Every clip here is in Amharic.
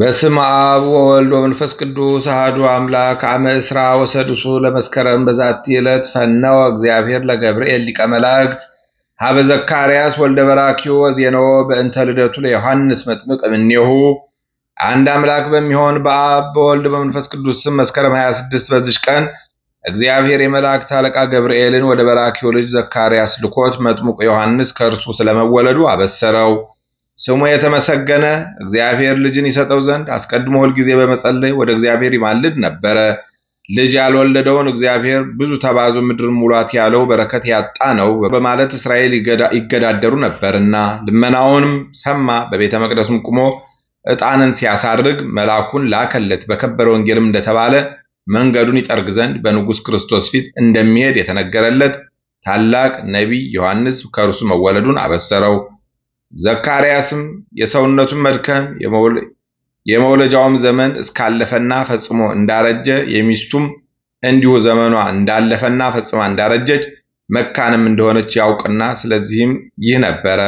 በስም አብ ወወልድ ወመንፈስ ቅዱስ አህዱ አምላክ አመ እስራ ወሰድሱ ለመስከረም በዛቲ ዕለት ፈነወ እግዚአብሔር ለገብርኤል ሊቀ መላእክት ሀበ ዘካርያስ ወልደ በራኪዮ ዜኖ በእንተ ልደቱ ለዮሐንስ መጥምቅ እምኔሁ። አንድ አምላክ በሚሆን በአብ በወልድ በመንፈስ ቅዱስ ስም መስከረም 26 በዚች ቀን እግዚአብሔር የመላእክት አለቃ ገብርኤልን ወደ በራኪዮ ልጅ ዘካርያስ ልኮት መጥምቁ ዮሐንስ ከእርሱ ስለመወለዱ አበሰረው። ስሙ የተመሰገነ እግዚአብሔር ልጅን ይሰጠው ዘንድ አስቀድሞ ሁልጊዜ በመጸለይ ወደ እግዚአብሔር ይማልድ ነበረ። ልጅ ያልወለደውን እግዚአብሔር ብዙ ተባዙ ምድር ሙሏት ያለው በረከት ያጣ ነው በማለት እስራኤል ይገዳደሩ ነበርና ልመናውንም ሰማ። በቤተ መቅደሱም ቁሞ ዕጣንን ሲያሳርግ መልአኩን ላከለት። በከበረ ወንጌልም እንደተባለ መንገዱን ይጠርግ ዘንድ በንጉሥ ክርስቶስ ፊት እንደሚሄድ የተነገረለት ታላቅ ነቢይ ዮሐንስ ከእርሱ መወለዱን አበሰረው። ዘካርያስም የሰውነቱን መድከም የመውለጃውም ዘመን እስካለፈና ፈጽሞ እንዳረጀ የሚስቱም እንዲሁ ዘመኗ እንዳለፈና ፈጽማ እንዳረጀች መካንም እንደሆነች ያውቅና ስለዚህም ይህ ነበረ።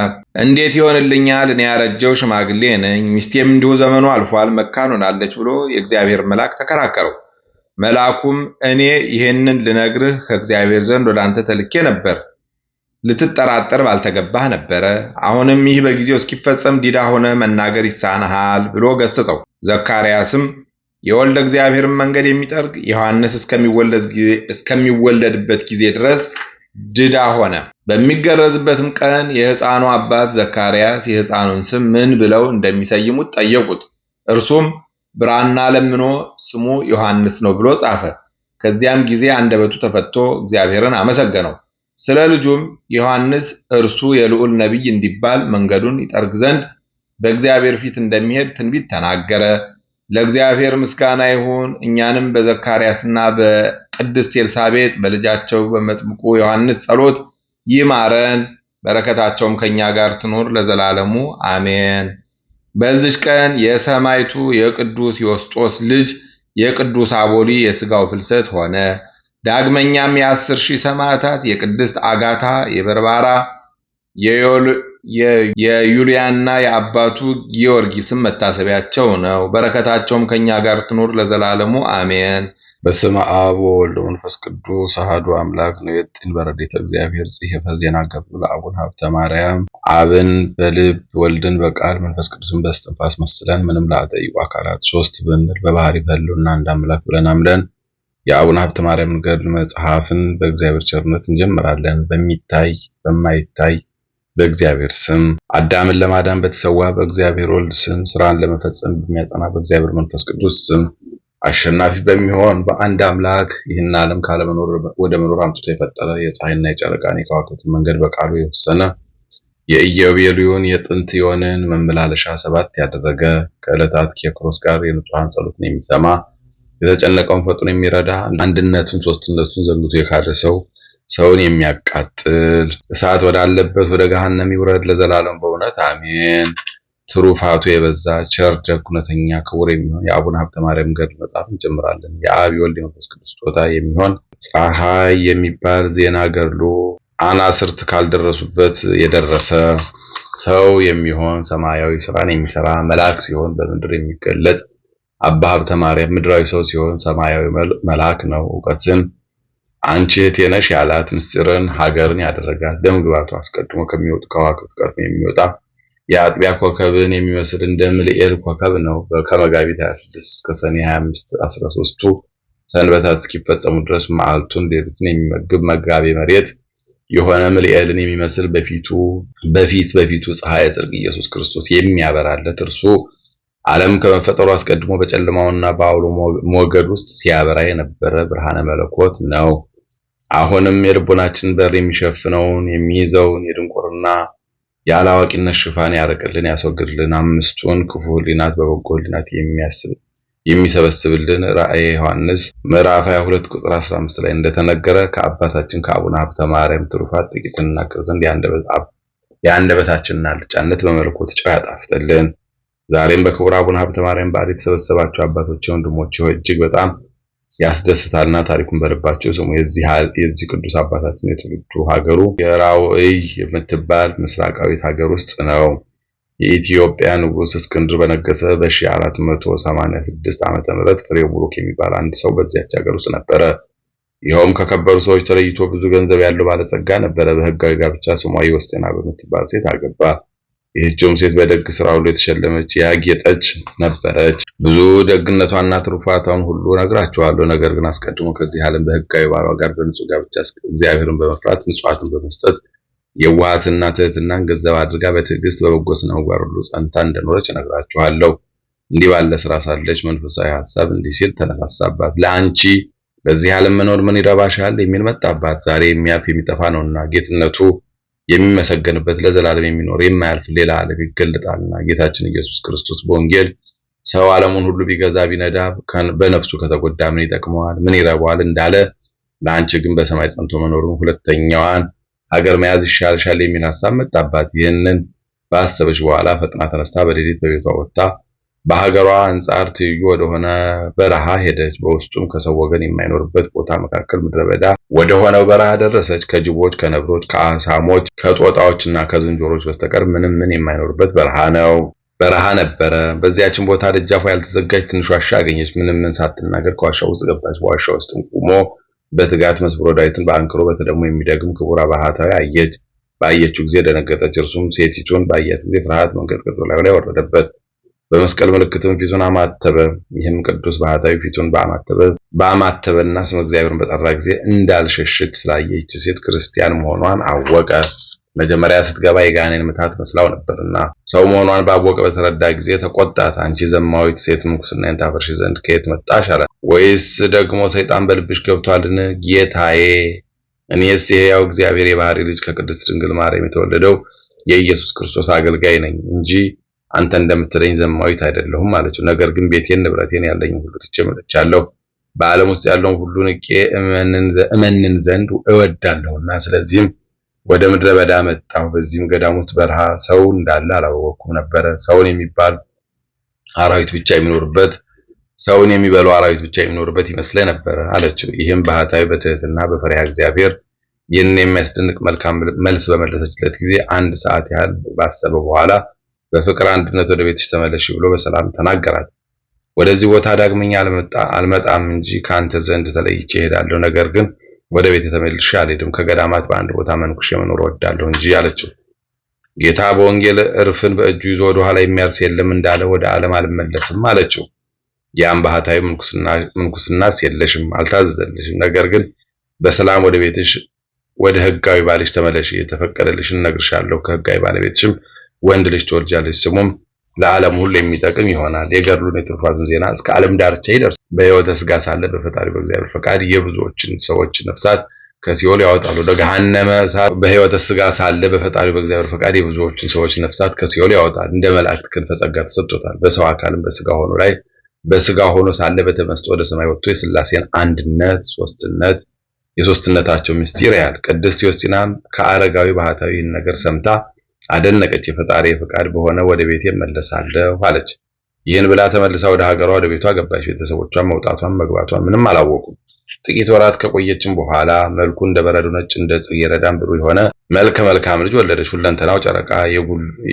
እንዴት ይሆንልኛል? እኔ ያረጀው ሽማግሌ ነኝ፣ ሚስቴም እንዲሁ ዘመኑ አልፏል፣ መካን ሆናለች ብሎ የእግዚአብሔር መልአክ ተከራከረው። መልአኩም እኔ ይህንን ልነግርህ ከእግዚአብሔር ዘንድ ወደ አንተ ተልኬ ነበር ልትጠራጠር ባልተገባህ ነበረ። አሁንም ይህ በጊዜው እስኪፈጸም ዲዳ ሆነ መናገር ይሳንሃል ብሎ ገሰጸው። ዘካርያስም የወልደ እግዚአብሔርን መንገድ የሚጠርግ ዮሐንስ እስከሚወለድበት ጊዜ ድረስ ድዳ ሆነ። በሚገረዝበትም ቀን የሕፃኑ አባት ዘካርያስ የሕፃኑን ስም ምን ብለው እንደሚሰይሙት ጠየቁት። እርሱም ብራና ለምኖ ስሙ ዮሐንስ ነው ብሎ ጻፈ። ከዚያም ጊዜ አንደበቱ ተፈቶ እግዚአብሔርን አመሰገነው። ስለ ልጁም ዮሐንስ እርሱ የልዑል ነቢይ እንዲባል መንገዱን ይጠርግ ዘንድ በእግዚአብሔር ፊት እንደሚሄድ ትንቢት ተናገረ። ለእግዚአብሔር ምስጋና ይሁን። እኛንም በዘካርያስና በቅድስት ኤልሳቤጥ በልጃቸው በመጥምቁ ዮሐንስ ጸሎት ይማረን። በረከታቸውም ከእኛ ጋር ትኖር ለዘላለሙ አሜን። በዚች ቀን የሰማይቱ የቅዱስ ዮስጦስ ልጅ የቅዱስ አቦሊ የሥጋው ፍልሰት ሆነ። ዳግመኛም የአስር ሺህ ሰማዕታት የቅድስት አጋታ የበርባራ የዩልያና የአባቱ ጊዮርጊስም መታሰቢያቸው ነው። በረከታቸውም ከእኛ ጋር ትኑር ለዘላለሙ አሜን። በስመ አብ ወወልድ ወመንፈስ ቅዱስ አሐዱ አምላክ ነው። የጥን በረዴተ እግዚአብሔር ጽሕፈ ዜና ገብሩ ለአቡነ ሀብተ ማርያም አብን በልብ ወልድን በቃል መንፈስ ቅዱስን በስትንፋስ መስለን ምንም ላጠይቁ አካላት ሶስት ብንል በባህሪ በህልውና እንዳምላክ ብለን አምለን የአቡነ ሀብተ ማርያም ገድል መጽሐፍን በእግዚአብሔር ቸርነት እንጀምራለን። በሚታይ በማይታይ በእግዚአብሔር ስም አዳምን ለማዳን በተሰዋ በእግዚአብሔር ወልድ ስም ስራን ለመፈጸም በሚያጸና በእግዚአብሔር መንፈስ ቅዱስ ስም አሸናፊ በሚሆን በአንድ አምላክ ይህን ዓለም ካለመኖር ወደ መኖር አምጥቶ የፈጠረ የፀሐይና የጨረቃን የከዋክብትን መንገድ በቃሉ የወሰነ የኢዮቤልዩን የጥንት የሆነን መመላለሻ ሰባት ያደረገ ከዕለታት ኬክሮስ ጋር የንጹሐን ጸሎትን የሚሰማ የተጨነቀውን ፈጥኖ የሚረዳ አንድነቱን ሶስትነቱን ዘንግቶ የካደ ሰው ሰውን የሚያቃጥል እሳት ወዳለበት ወደ ገሃነም ይውረድ ለዘላለም በእውነት አሜን። ትሩፋቱ የበዛ ቸር፣ ደግ፣ እውነተኛ፣ ክቡር የሚሆን የአቡነ ሀብተ ማርያም ገድል መጽሐፍ እንጀምራለን። የአብ ወልድ የመንፈስ ቅዱስ ስጦታ የሚሆን ፀሐይ የሚባል ዜና ገድሎ አናስርት ካልደረሱበት የደረሰ ሰው የሚሆን ሰማያዊ ስራን የሚሰራ መልአክ ሲሆን በምድር የሚገለጽ አባ ሀብተ ማርያም ምድራዊ ሰው ሲሆን ሰማያዊ መልአክ ነው። እውቀትን አንቺ እህቴ ነሽ ያላት ምስጢርን ሀገርን ያደረጋት ደምግባቱ አስቀድሞ ከሚወጡ ከዋክብት ቀድሞ የሚወጣ የአጥቢያ ኮከብን የሚመስል እንደ ምልኤል ኮከብ ነው። ከመጋቢት 26 እስከ ሰኔ 25 13ቱ ሰንበታት እስኪፈጸሙ ድረስ መዓልቱን ሌሊቱን የሚመግብ መጋቢ መሬት የሆነ ምልኤልን የሚመስል በፊቱ በፊት በፊቱ ፀሐይ ጽድቅ ኢየሱስ ክርስቶስ የሚያበራለት እርሱ ዓለም ከመፈጠሩ አስቀድሞ በጨለማውና በአውሎ ሞገድ ውስጥ ሲያበራ የነበረ ብርሃነ መለኮት ነው። አሁንም የልቦናችን በር የሚሸፍነውን የሚይዘውን የድንቁርና የአላዋቂነት ሽፋን ያርቅልን፣ ያስወግድልን። አምስቱን ክፉ ህሊናት በበጎ ህሊናት የሚሰበስብልን ራእየ ዮሐንስ ምዕራፍ 22 ቁጥር 15 ላይ እንደተነገረ ከአባታችን ከአቡነ ሀብተ ማርያም ትሩፋት ጥቂት እናቅር ዘንድ የአንደበታችንን አልጫነት በመለኮት ጨው ያጣፍጥልን። ዛሬም በክቡር አቡነ ሀብተ ማርያም በዓል የተሰበሰባቸው አባቶቼ፣ ወንድሞቼ ሆይ እጅግ በጣም ያስደስታልና ታሪኩን በልባችሁ ስሙ። የዚህ ቅዱስ አባታችን የትውልዱ ሀገሩ የራውይ የምትባል ምስራቃዊት ሀገር ውስጥ ነው። የኢትዮጵያ ንጉሥ እስክንድር በነገሰ በ1486 ዓ ም ፍሬው ቡሩክ የሚባል አንድ ሰው በዚያች ሀገር ውስጥ ነበረ። ይኸውም ከከበሩ ሰዎች ተለይቶ ብዙ ገንዘብ ያለው ባለጸጋ ነበረ። በህጋዊ ጋብቻ ስሟ ወስጤና በምትባል ሴት አገባ። ይህችውም ሴት በደግ ስራ ሁሉ የተሸለመች ያጌጠች ነበረች። ብዙ ደግነቷና ትሩፋቷን ሁሉ ነግራችኋለሁ። ነገር ግን አስቀድሞ ከዚህ ዓለም በህጋዊ ባሏ ጋር በንጹህ ጋብቻ እግዚአብሔርን በመፍራት ምጽዋቱን በመስጠት የዋሃትና ትህትናን ገንዘብ አድርጋ በትዕግስት በበጎ ስነ ምግባር ሁሉ ጸንታ እንደኖረች ነግራችኋለሁ። እንዲህ ባለ ስራ ሳለች መንፈሳዊ ሐሳብ እንዲህ ሲል ተነሳሳባት። ለአንቺ በዚህ ዓለም መኖር ምን ይረባሻል የሚል መጣባት። ዛሬ የሚያልፍ የሚጠፋ ነውና ጌትነቱ የሚመሰገንበት ለዘላለም የሚኖር የማያልፍ ሌላ ዓለም ይገለጣልና ጌታችን ኢየሱስ ክርስቶስ በወንጌል ሰው ዓለሙን ሁሉ ቢገዛ ቢነዳ በነፍሱ ከተጎዳ ምን ይጠቅመዋል? ምን ይረባዋል? እንዳለ ለአንቺ ግን በሰማይ ጸንቶ መኖሩን ሁለተኛዋን ሀገር መያዝ ይሻልሻል የሚል ሀሳብ መጣባት። ይህንን ባሰበች በኋላ ፈጥና ተነስታ በሌሊት በቤቷ ወጥታ በሀገሯ አንጻር ትይዩ ወደሆነ በረሃ ሄደች። በውስጡም ከሰው ወገን የማይኖርበት ቦታ መካከል ምድረ በዳ ወደሆነው በረሃ ደረሰች። ከጅቦች፣ ከነብሮች፣ ከአሳሞች፣ ከጦጣዎችና ከዝንጀሮች በስተቀር ምንም ምን የማይኖርበት በረሃ ነው በረሃ ነበረ። በዚያችን ቦታ ደጃፏ ያልተዘጋጅ ትንሽ ዋሻ አገኘች። ምንም ምን ሳትናገር ከዋሻ ውስጥ ገብታች በዋሻ ውስጥም ቁሞ በትጋት መስብሮ ዳዊትን በአንክሮ በተደግሞ የሚደግም ክቡር ባህታዊ አየች። ባየችው ጊዜ ደነገጠች። እርሱም ሴቲቱን ባያት ጊዜ ፍርሃት መንቀጥቀጡ ላይ ወረደበት። በመስቀል ምልክትም ፊቱን አማተበ። ይህም ቅዱስ ባህታዊ ፊቱን በአማተበና ስም እግዚአብሔርን በጠራ ጊዜ እንዳልሸሸች ስላየች ሴት ክርስቲያን መሆኗን አወቀ። መጀመሪያ ስትገባ የጋኔን ምታት መስላው ነበርና ሰው መሆኗን ባወቀ በተረዳ ጊዜ ተቆጣት። አንቺ ዘማዊት ሴት ምንኩስናን ታፈርሽ ዘንድ ከየት መጣሽ አላት። ወይስ ደግሞ ሰይጣን በልብሽ ገብቷልን? ጌታዬ፣ እኔስ የሕያው እግዚአብሔር የባህሪ ልጅ ከቅድስት ድንግል ማርያም የተወለደው የኢየሱስ ክርስቶስ አገልጋይ ነኝ እንጂ አንተ እንደምትለኝ ዘማዊት አይደለሁም ነው። ነገር ግን ቤቴን፣ ንብረቴን፣ ያለኝ ሁሉ ትቼ መጥቻለሁ። በዓለም ውስጥ ያለውን ሁሉ ንቄ እመንን ዘንድ እወዳለሁና ስለዚህም ወደ ምድረ በዳ መጣሁ። በዚህም ገዳም ውስጥ በረሃ ሰው እንዳለ አላወኩም ነበረ። ሰውን የሚባል አራዊት ብቻ የሚኖርበት ሰውን የሚበሉ አራዊት ብቻ የሚኖርበት ይመስለኝ ነበረ አለችው። ይህም ባህታዊ በትህትና በፈሪሃ እግዚአብሔር ይህን የሚያስደንቅ መልካም መልስ በመለሰችለት ጊዜ አንድ ሰዓት ያህል ባሰበ በኋላ በፍቅር አንድነት ወደ ቤትሽ ተመለሽ ብሎ በሰላም ተናገራት። ወደዚህ ቦታ ዳግመኛ አልመጣ አልመጣም እንጂ ከአንተ ዘንድ ተለይቼ እሄዳለሁ። ነገር ግን ወደ ቤት ተመልሼ አልሄድም። ከገዳማት በአንድ ቦታ መንኩሼ መኖር እወዳለሁ እንጂ አለችው። ጌታ በወንጌል እርፍን በእጁ ይዞ ወደ ኋላ የሚያርስ የለም እንዳለ ወደ ዓለም አልመለስም አለችው። ያም ባህታዊ ምንኩስናስ የለሽም፣ አልታዘዘልሽም። ነገር ግን በሰላም ወደ ቤትሽ ወደ ህጋዊ ባልሽ ተመለሽ፣ የተፈቀደልሽን እነግርሻለሁ። ከህጋዊ ባለቤትሽም ወንድ ልጅ ትወልጃለች፣ ስሙም ለዓለም ሁሉ የሚጠቅም ይሆናል። የገድሉን የትሩፋቱን ዜና እስከ ዓለም ዳርቻ ይደርሳል። በሕይወተ ሥጋ ሳለ በፈጣሪ በእግዚአብሔር ፈቃድ የብዙዎችን ሰዎች ነፍሳት ከሲኦል ያወጣሉ። ለገሃነመ እሳት በሕይወተ ሥጋ ሳለ በፈጣሪ በእግዚአብሔር ፈቃድ የብዙዎችን ሰዎች ነፍሳት ከሲኦል ያወጣል። እንደ መላእክት ክንፈ ጸጋ ተሰጥቶታል። በሰው አካልም በስጋ ሆኖ ላይ በስጋ ሆኖ ሳለ በተመስጦ ወደ ሰማይ ወጥቶ የስላሴን አንድነት ሶስትነት የሶስትነታቸው ምስጢር ያህል ቅድስት ዮስቲናም ከአረጋዊ ባህታዊ ይህን ነገር ሰምታ አደነቀች። የፈጣሪ ፍቃድ በሆነ ወደ ቤቴ መለሳለሁ አለች። ይህን ብላ ተመልሳ ወደ ሀገሯ ወደ ቤቷ ገባች። ቤተሰቦቿን መውጣቷን መግባቷን ምንም አላወቁም። ጥቂት ወራት ከቆየችም በኋላ መልኩ እንደ በረዶ ነጭ፣ እንደ ጽጌረዳም ብሩህ የሆነ መልከ መልካም ልጅ ወለደች። ሁለንተናው ጨረቃ፣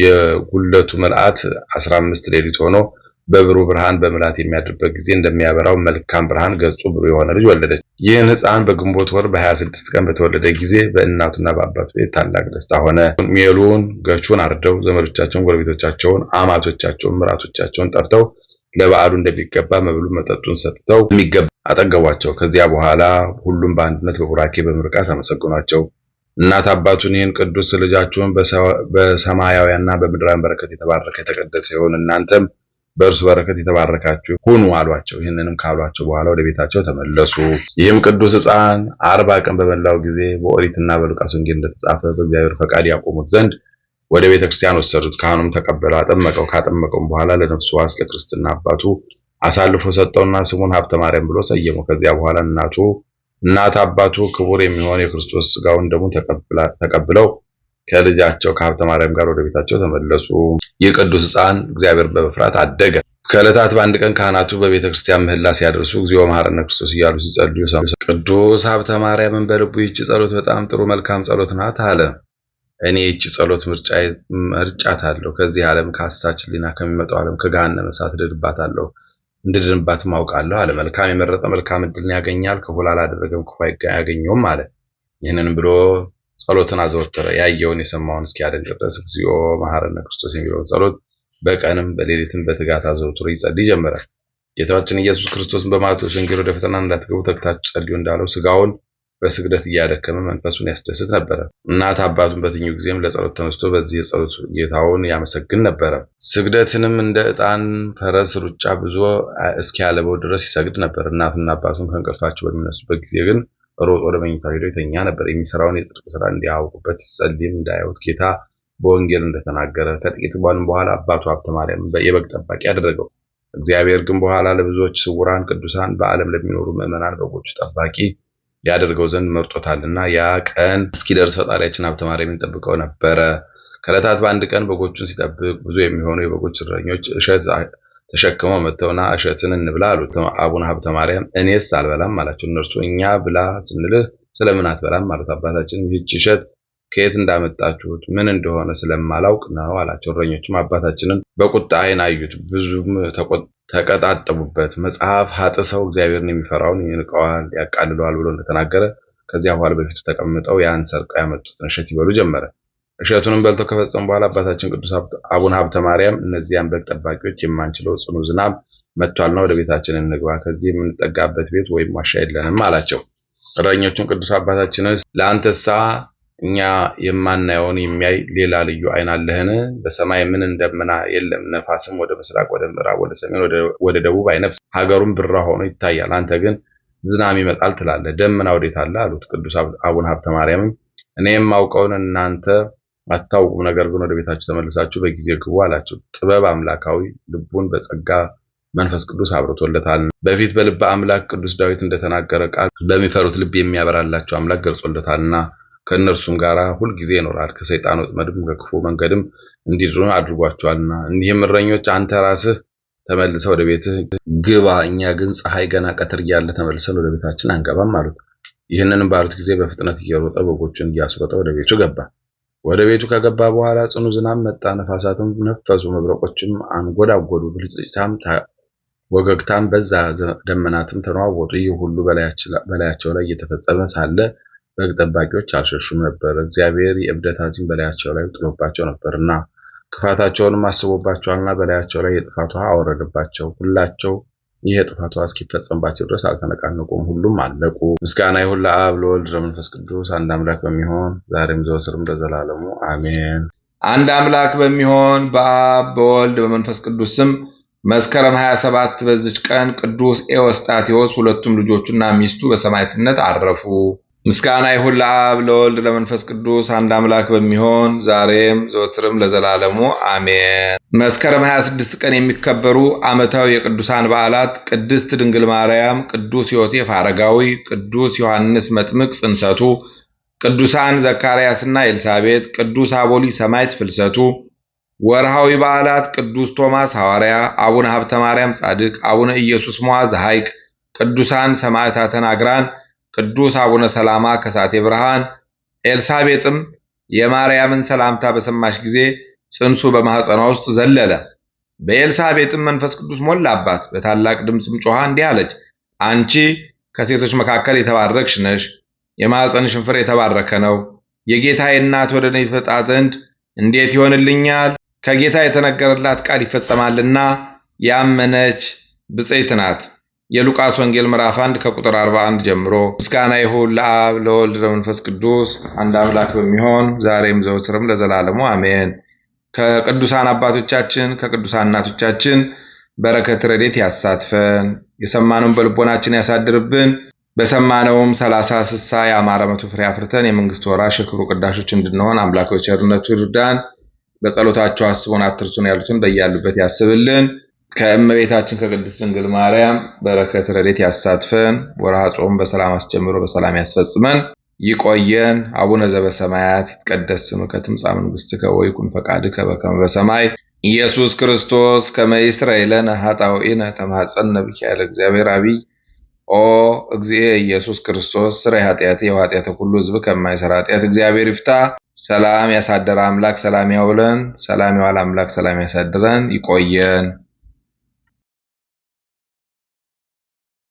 የጉለቱ መልአት አስራ አምስት ሌሊት ሆኖ በብሩህ ብርሃን በምላት የሚያድርበት ጊዜ እንደሚያበራው መልካም ብርሃን ገጹ ብሩ የሆነ ልጅ ወለደች። ይህን ሕፃን በግንቦት ወር በ26 ቀን በተወለደ ጊዜ በእናቱና በአባቱ ቤት ታላቅ ደስታ ሆነ። ሜሉን ገቹን አርደው ዘመዶቻቸውን፣ ጎረቤቶቻቸውን፣ አማቶቻቸውን፣ ምራቶቻቸውን ጠርተው ለበዓሉ እንደሚገባ መብሉ መጠጡን ሰጥተው የሚገባ አጠገቧቸው። ከዚያ በኋላ ሁሉም በአንድነት በቡራኬ በምርቃት አመሰግኗቸው። እናት አባቱን ይህን ቅዱስ ልጃችሁን በሰማያዊያና በምድራዊ በረከት የተባረከ የተቀደሰ ይሆን እናንተም በእርሱ በረከት የተባረካችሁ ሁኑ አሏቸው። ይህንንም ካሏቸው በኋላ ወደ ቤታቸው ተመለሱ። ይህም ቅዱስ ሕፃን አርባ ቀን በመላው ጊዜ በኦሪትና በሉቃስ ወንጌል እንደተጻፈ በእግዚአብሔር ፈቃድ ያቆሙት ዘንድ ወደ ቤተ ክርስቲያን ወሰዱት። ካህኑም ተቀበለው፣ አጠመቀው። ካጠመቀውም በኋላ ለነፍሱ ዋስ ለክርስትና አባቱ አሳልፎ ሰጠውና ስሙን ሀብተ ማርያም ብሎ ሰየመው። ከዚያ በኋላ እናቱ እናት አባቱ ክቡር የሚሆን የክርስቶስ ስጋውን ደሙን ተቀብለው ከልጃቸው ከሀብተ ማርያም ጋር ወደ ቤታቸው ተመለሱ። ይህ ቅዱስ ሕፃን እግዚአብሔር በመፍራት አደገ። ከዕለታት በአንድ ቀን ካህናቱ በቤተ ክርስቲያን ምህላ ሲያደርሱ እግዚኦ መሐረነ ክርስቶስ እያሉ ሲጸልዩ ቅዱስ ሀብተ ማርያምን በልቡ ይህች ጸሎት በጣም ጥሩ መልካም ጸሎት ናት አለ። እኔ ይህች ጸሎት አለሁ። ከዚህ ዓለም ከአሳች ሊና ከሚመጣው ዓለም ከገሃነመ እሳት ድድባታለሁ እንድድንባት ማውቃለሁ አለ። መልካም የመረጠ መልካም እድልን ያገኛል፣ ክፉ አላደረገም ክፉ ያገኘውም አለ። ይህንን ብሎ ጸሎትን አዘወተረ። ያየውን የሰማውን እስኪያደንቅ ድረስ እግዚኦ መሐረነ ክርስቶስ የሚለውን ጸሎት በቀንም በሌሊትም በትጋት አዘውትሮ ይጸልይ ጀመረ። ጌታችን ኢየሱስ ክርስቶስን በማቴዎስ ወንጌል ወደ ፈተና እንዳትገቡ ተግታችሁ ጸልዩ እንዳለው ስጋውን በስግደት እያደከመ መንፈሱን ያስደስት ነበረ። እናት አባቱን በትኙ ጊዜም ለጸሎት ተነስቶ በዚህ የጸሎት ጌታውን ያመሰግን ነበረ። ስግደትንም እንደ ዕጣን ፈረስ ሩጫ ብዙ እስኪያለበው ድረስ ይሰግድ ነበር። እናትና አባቱን ከእንቅልፋቸው በሚነሱበት ጊዜ ግን ሮጥ ወደ መኝታው ሄዶ የተኛ ነበር። የሚሰራውን የጽድቅ ስራ እንዲያውቁበት ሲጸልይም እንዳያዩት ጌታ በወንጌል እንደተናገረ ከጥቂት ቀን በኋላ አባቱ ሀብተ ማርያም የበግ ጠባቂ አደረገው። እግዚአብሔር ግን በኋላ ለብዙዎች ስውራን ቅዱሳን በዓለም ለሚኖሩ ምዕመናን በጎቹ ጠባቂ ያደርገው ዘንድ መርጦታልና ያ ቀን እስኪደርስ ፈጣሪያችን ሀብተ ማርያም ጠብቀው ነበረ። ከዕለታት በአንድ ቀን በጎቹን ሲጠብቅ ብዙ የሚሆኑ የበጎች እረኞች እሸት ተሸክመው መጥተውና እሸትን እንብላ አሉት። አቡነ ሀብተ ማርያም እኔስ አልበላም አላቸው። እነርሱ እኛ ብላ ስንልህ ስለምን አትበላም አሉት። አባታችን ይህች እሸት ከየት እንዳመጣችሁት ምን እንደሆነ ስለማላውቅ ነው አላቸው። እረኞችም አባታችንን በቁጣ ዓይን አዩት። ብዙም ተቀጣጠቡበት። መጽሐፍ ሀጥሰው እግዚአብሔርን የሚፈራውን ይንቀዋል፣ ያቃልለዋል ብሎ እንደተናገረ ከዚያ በኋላ በፊቱ ተቀምጠው ያን ሰርቀው ያመጡትን እሸት ይበሉ ጀመረ። እሸቱንም በልተው ከፈጸሙ በኋላ አባታችን ቅዱስ አቡነ ሀብተ ማርያም እነዚያን በግ ጠባቂዎች የማንችለው ጽኑ ዝናብ መጥቷልና ወደ ቤታችን እንግባ፣ ከዚህ የምንጠጋበት ቤት ወይም ዋሻ የለንም አላቸው። እረኞቹን ቅዱስ አባታችንስ ለአንተሳ እኛ የማናየውን የሚያይ ሌላ ልዩ ዓይን አለህን? በሰማይ ምን እንደምና የለም፣ ነፋስም ወደ ምስራቅ፣ ወደ ምዕራብ፣ ወደ ሰሜን፣ ወደ ደቡብ አይነፍስ፣ ሀገሩም ብራ ሆኖ ይታያል። አንተ ግን ዝናም ይመጣል ትላለህ። ደመና ወዴት አለ አሉት። ቅዱስ አቡነ ሀብተ ማርያምም እኔ የማውቀውን እናንተ አታውቁም፣ ነገር ግን ወደ ቤታችሁ ተመልሳችሁ በጊዜ ግቡ አላቸው። ጥበብ አምላካዊ ልቡን በጸጋ መንፈስ ቅዱስ አብርቶለታል። በፊት በልበ አምላክ ቅዱስ ዳዊት እንደተናገረ ቃል ለሚፈሩት ልብ የሚያበራላቸው አምላክ ገልጾለታልና ከእነርሱም ጋር ሁልጊዜ ይኖራል፣ ከሰይጣን ወጥመድም ከክፉ መንገድም እንዲድኑ አድርጓቸዋልና። እኒህም እረኞች አንተ ራስህ ተመልሰ ወደ ቤትህ ግባ፣ እኛ ግን ፀሐይ ገና ቀትር እያለ ተመልሰን ወደ ቤታችን አንገባም አሉት። ይህንንም ባሉት ጊዜ በፍጥነት እየሮጠ በጎቹን እያስሮጠ ወደ ቤቱ ገባ። ወደ ቤቱ ከገባ በኋላ ጽኑ ዝናብ መጣ፣ ነፋሳትም ነፈሱ፣ መብረቆችም አንጎዳጎዱ፣ ብልጭታም ወገግታም በዛ፣ ደመናትም ተነዋወጡ። ይህ ሁሉ በላያቸው ላይ እየተፈጸመ ሳለ በግ ጠባቂዎች አልሸሹም ነበር፤ እግዚአብሔር የእብደት አዚም በላያቸው ላይ ጥሎባቸው ነበርና ክፋታቸውንም አስቦባቸዋልና በላያቸው ላይ የጥፋት ውሃ አወረደባቸው። ሁላቸው ይህ የጥፋቱ እስኪፈጸምባቸው ድረስ አልተነቃነቁም። ሁሉም አለቁ። ምስጋና ይሁን ለአብ ለወልድ ለመንፈስ ቅዱስ አንድ አምላክ በሚሆን ዛሬም ዘወትርም ለዘላለሙ አሜን። አንድ አምላክ በሚሆን በአብ በወልድ በመንፈስ ቅዱስ ስም መስከረም 27 በዚች ቀን ቅዱስ ኤዎስጣቴዎስ ሁለቱም ልጆቹና ሚስቱ በሰማዕትነት አረፉ። ምስጋና ይሁን ለአብ ለወልድ ለመንፈስ ቅዱስ አንድ አምላክ በሚሆን ዛሬም ዘወትርም ለዘላለሙ አሜን። መስከረም 26 ቀን የሚከበሩ ዓመታዊ የቅዱሳን በዓላት ቅድስት ድንግል ማርያም፣ ቅዱስ ዮሴፍ አረጋዊ፣ ቅዱስ ዮሐንስ መጥምቅ ጽንሰቱ፣ ቅዱሳን ዘካርያስና ኤልሳቤት፣ ቅዱስ አቦሊ ሰማዕት ፍልሰቱ። ወርሃዊ በዓላት ቅዱስ ቶማስ ሐዋርያ፣ አቡነ ሀብተ ማርያም ጻድቅ፣ አቡነ ኢየሱስ ሞዐ ዘሐይቅ፣ ቅዱሳን ሰማዕታተ ናግራን ቅዱስ አቡነ ሰላማ ከሳቴ ብርሃን ኤልሳቤጥም የማርያምን ሰላምታ በሰማች ጊዜ ጽንሱ በማኅፀኗ ውስጥ ዘለለ። በኤልሳቤጥም መንፈስ ቅዱስ ሞላባት። በታላቅ ድምፅም ጮኻ እንዲህ አለች፣ አንቺ ከሴቶች መካከል የተባረክሽ ነሽ፣ የማኅፀንሽ ፍሬ የተባረከ ነው። የጌታዬ እናት ወደ እኔ ትመጣ ዘንድ እንዴት ይሆንልኛል? ከጌታ የተነገረላት ቃል ይፈጸማልና ያመነች ብፅዕት ናት። የሉቃስ ወንጌል ምዕራፍ 1 ከቁጥር 41 ጀምሮ። ምስጋና ይሁን ለአብ ለወልድ ለመንፈስ ቅዱስ አንድ አምላክ በሚሆን ዛሬም ዘወትርም ለዘላለሙ አሜን። ከቅዱሳን አባቶቻችን ከቅዱሳን እናቶቻችን በረከት ረዴት ያሳትፈን፣ የሰማነውን በልቦናችን ያሳድርብን። በሰማነውም ሰላሳ ስሳ የአማረ መቶ ፍሬ አፍርተን የመንግስት ወራሽ የክብሩ ቅዳሾች እንድንሆን አምላካዊ ቸርነቱ ይርዳን። በጸሎታቸው አስቦን አትርሱን ያሉትን በያሉበት ያስብልን። ከእመቤታችን ከቅድስት ድንግል ማርያም በረከት ረድኤት ያሳትፈን። ወርሃ ጾም በሰላም አስጀምሮ በሰላም ያስፈጽመን። ይቆየን። አቡነ ዘበሰማያት ይትቀደስ ስምከ ትምጻእ መንግሥትከ ወይኩን ፈቃድከ በከመ በሰማይ ኢየሱስ ክርስቶስ ከመ ይስረይ ለነ ኃጣውኢነ ተማፀነ ብኪያለ እግዚአብሔር አብይ ኦ እግዚእ ኢየሱስ ክርስቶስ ስራይ ኃጢአት የኃጢአተ ሁሉ ህዝብ ከማይሰራ ኃጢአት እግዚአብሔር ይፍታ። ሰላም ያሳደረ አምላክ ሰላም ያውለን። ሰላም ያዋል አምላክ ሰላም ያሳድረን። ይቆየን።